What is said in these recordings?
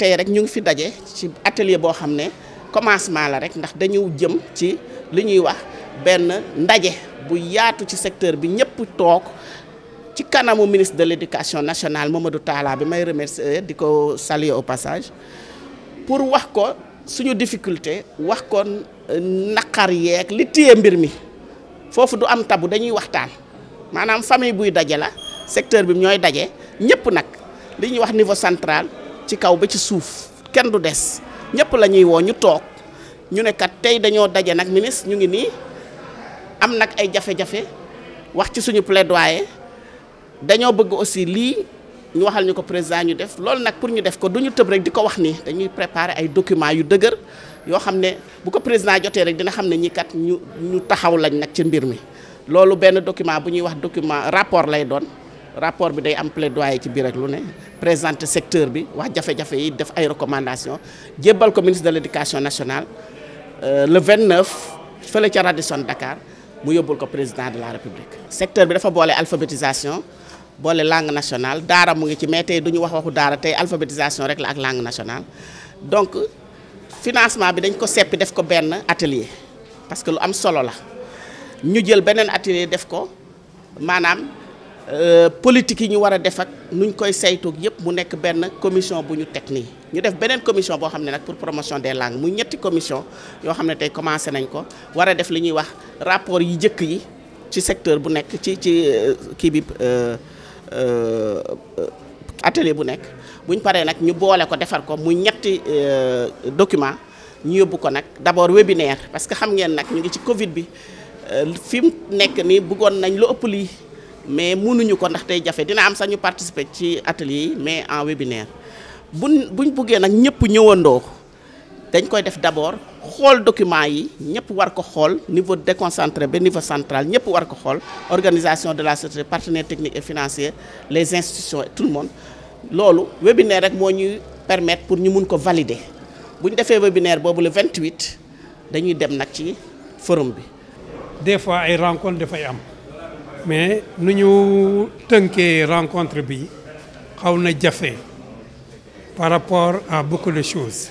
tay rek ñu ngi fi daje ci atelier bo xamné ne commencement la rek ndax dañu jëm ci li ñuy wax ben ndaje bu yaatu ci secteur bi ñepp tok ci kanamu ministre de l'éducation nationale Mamadou Talla bi may remercier di ko saluer au passage pour wax ko suñu difficulté wax ko nakar yek li mbir mi Fofu du am tabu dañuy waxtaan manam famille buy dajé la secteur bi ñoy daje ñepp nak li ñuy wax niveau central ci kaw ba ci souf kèn du des ñepp la wo ñu tok ñu ne kat tay dañoo dajé nak ministre ñu ngi ni am nak ay jafe-jafe wax ci suñu plaidoyer dañoo bëgg aussi li ñu waxal ñuko ko président ñu def lool nak pour ñu def ko du teub rek diko wax ni dañuy préparer ay documents yu deuguer yoo xam ne bu ko président jotee rek dina xam ne ñi kat ñu ñu taxaw lañ nag ci mbir mi loolu benn document bu ñuy wax document rapport lay doon rapport bi day am plaidoyer ci biir rek lu ne présenter secteur bi wax jafe-jafe yi def ay recommandations jébbal ko ministre de l'éducation nationale euh, le 29 fële ca Radisson Dakar mu yóbbul ko président de la république. secteur bi dafa boole alphabétisation boole langue nationale daara mu ngi ci mais tey du ñu wax waxu daara rek la ak langue nationale financement bi dañ ko seppi def ko benn atelier parce que lu am solo la ñu jël beneen atelier def ko maanaam euh, politique yi ñu war a def ak nuñ koy saytoog yëpp mu nekk benn commission bu ñu teg nii ñu def beneen commission boo xam ne nag pour promotion des langues muy ñetti commission yoo xam ne tey commencé nañ ko war a def li ñuy wax rapport yi jëkk yi ci secteur bu nekk ci ci euh, kii bi. Euh, atelier bu nekk buñ paree nag ñu boole ko defar ko mu ñetti euh, document ñu yóbbu ko nag d'abord webinaire parce que xam ngeen nag ñu ngi ci Covid bi euh, fi mu nekk nii buggoon nañ lu ëpp lii mais mënuñu ko ndax tey jafe dina am sax ñu participer ci atelier yi mais en webinaire bu buñ buggee nag ñëpp ñëwandoo dañ koy def d'abord xool document yi ñep war ko xool niveau déconcentré niveau central ñep war organisation de la société partenaires techniques et financiers les institutions tout le monde lolu webinaire rek mo ñuy permettre pour ñu le ko valider buñ défé webinaire le 28 dañuy dem nak ci forum des fois ay rencontre des am mais nuñu des rencontres, rencontre bi xawna déjà fait par rapport à beaucoup de choses.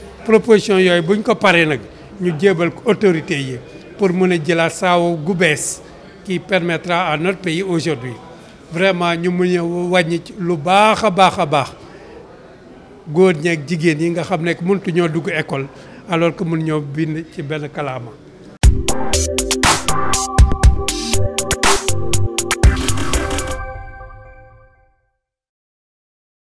proposition yoy buñ ko paré nak ñu djébal ko autorité yi pour mëna a jëlaat gu bess qui permettra à notre pays aujourd'hui vraiment ñu mun a wàññi lu baaxa baaxa baax goor baax jigéen yi nga xam ne mëntu ñoo dugg école alors que mun ñoo bind ci benn kalaama